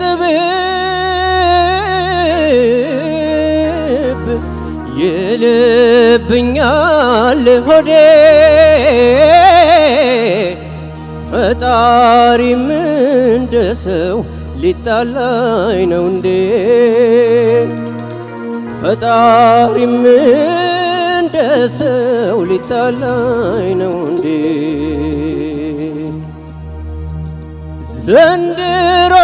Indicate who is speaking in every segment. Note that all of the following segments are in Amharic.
Speaker 1: ጥብብ ይልብኛል ሆዴ ፈጣሪም እንደ ሰው ሊጣላይ ነው እንዴ? ሰው ሊጣላይ ነው እንዴ? ዘንድሮ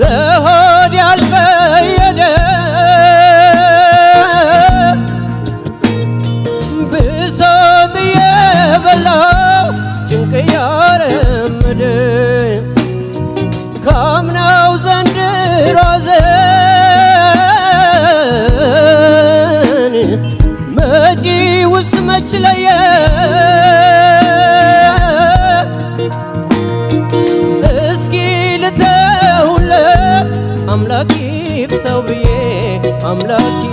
Speaker 1: ለሆድ ያልፈየደ ብሶት የበላው ጭንቅ ያረምድ ካምናው ዘንድሮ ዘን መች ለየ ተው ብዬ አምላኪ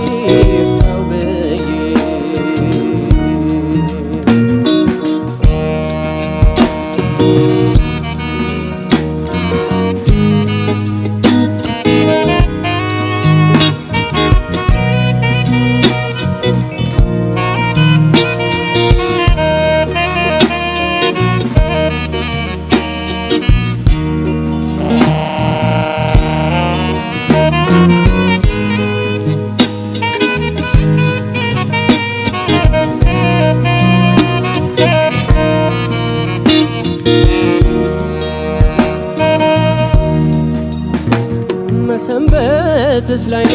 Speaker 1: ውበትስ ላይኔ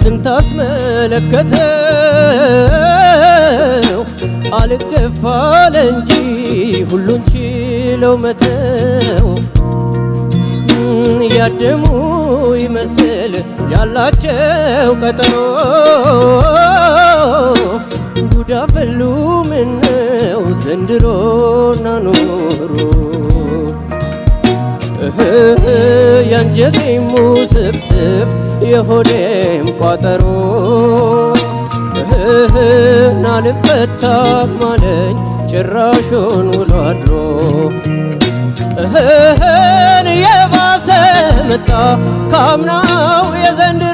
Speaker 1: ስንታስመለከተው አልገፋለ እንጂ ሁሉን ችለው መተው ያደሙ ይመስል ያላቸው ቀጠሮ ጉዳፈሉ ፈሉ ምነው ዘንድሮ ናኖሩ ያንጀቴሙ ሙስብስብ የሆኔም ቋጠሮ እህህን አልፈታም ማለኝ ጭራሹን ውሎ አድሮ እህህን የባሰ መጣ ካምናው የዘንድ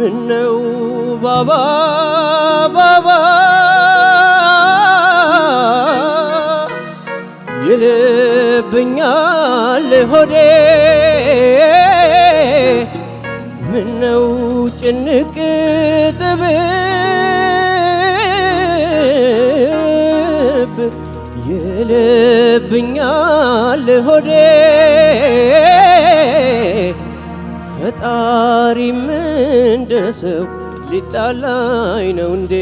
Speaker 1: ምነው ባባ ባባ ይልብኛል ሆዴ ምነው ጭንቅ ጥብብ ይልብኛል ሆዴ ፈጣሪ እንደ ሰው ሊጣላኝ ነው እንዴ?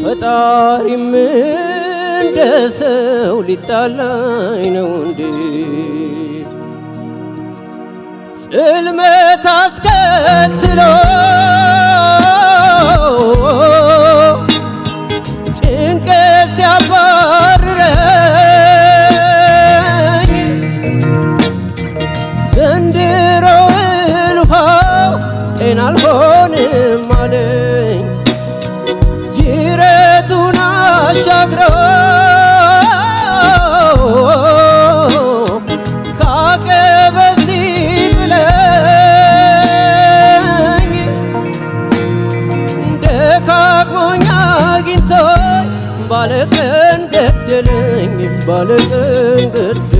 Speaker 1: ፈጣሪም እንደ ሰው ነው እንዴ? ጽልመት አስከትሎ ድሮ እልፋው ኤን አልሆንም አለኝ ጅረቱን አሻግረው ባለቀን ገደለኝ ባለቀን ገደለኝ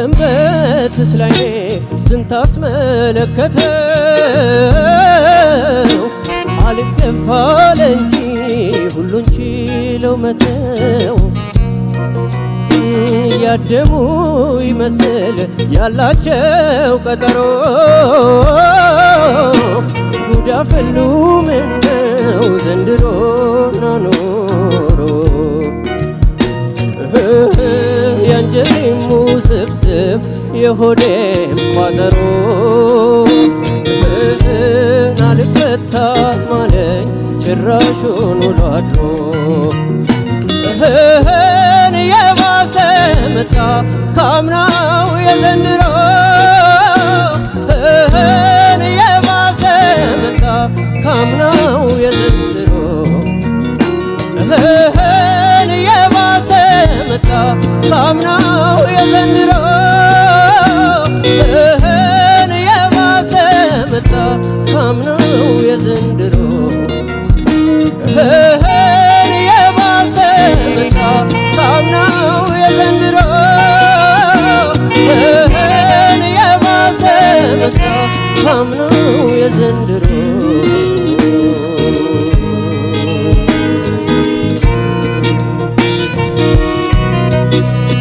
Speaker 1: ሰንበት ስላይኔ ስንታስመለከተው አልገፋለ እንጂ ሁሉን ችለው መተው ያደሙ ይመስል ያላቸው ቀጠሮ ጉዳፈሉ ፈሉ ምነው ዘንድሮ ናኖሮ ያንጀቴም የሆዴም ቋጠሮ አልፈታ ማለኝ ጭራሹን ውሎ አድሮ እህን የባሰ መጣ ካምናው የዘንድሮ እህን የባሰ መጣ ካምናው የዘንድሮ እህን የባሰ መጣ ካምናው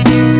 Speaker 1: Música